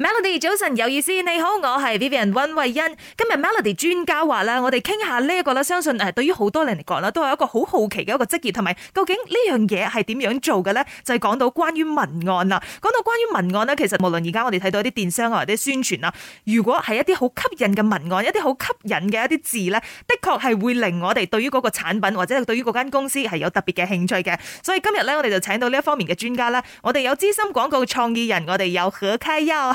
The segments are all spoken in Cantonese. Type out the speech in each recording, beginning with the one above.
Melody 早晨有意思，你好，我係 Vivian 溫慧欣。今日 Melody 專家話啦，我哋傾下呢一個啦，相信誒對於好多人嚟講啦，都係一個好好奇嘅一個職業，同埋究竟呢樣嘢係點樣做嘅咧？就係、是、講到關於文案啦，講到關於文案呢，其實無論而家我哋睇到啲電商啊或者宣傳啊，如果係一啲好吸引嘅文案，一啲好吸引嘅一啲字咧，的確係會令我哋對於嗰個產品或者對於嗰間公司係有特別嘅興趣嘅。所以今日咧，我哋就請到呢一方面嘅專家啦。我哋有資深廣告創意人，我哋有何開耀。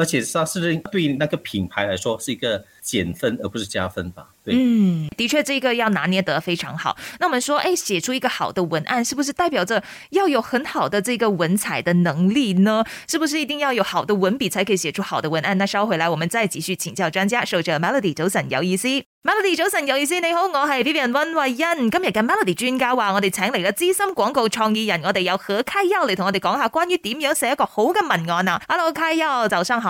而且，它是不是對那個品牌來說是一個減分而不是加分吧？對，嗯，的確，這個要拿捏得非常好。那我們說，誒、欸，寫出一個好的文案，是不是代表着要有很好的這個文采的能力呢？是不是一定要有好的文筆才可以寫出好的文案？那收回來，我們再繼續請教專家。坐着 Melody 早晨有意思，Melody 早晨有意思。你好，我係 Vivian 温慧欣。今日嘅 Melody 專家話，我哋請嚟嘅資深廣告創意人，我哋有何開耀嚟同我哋講下關於點樣寫一個好嘅文案啊？Hello，開耀，早上好。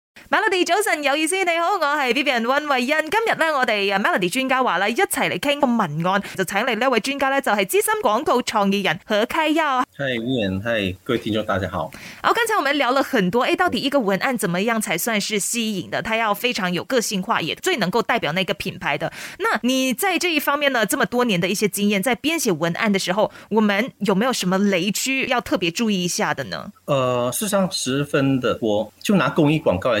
Melody 早晨，有意思，你好，我係 Vivian 温慧恩。今日呢，我哋啊 Melody 專家話啦，一齊嚟傾個文案，就請嚟呢位專家咧，就係、是、資深廣告創意人何開耀啊。Hi，Vivian，Hi，各位聽眾，大家好。好、哦，剛才我們聊了很多，誒，到底一個文案怎麼樣才算是吸引的？它要非常有個性化，也最能夠代表那個品牌的。那你在這一方面呢，這麼多年的一些經驗，在編寫文案的時候，我們有沒有什麼雷區要特別注意一下的呢？誒、呃，事實上十分的多，就拿公益廣告嚟。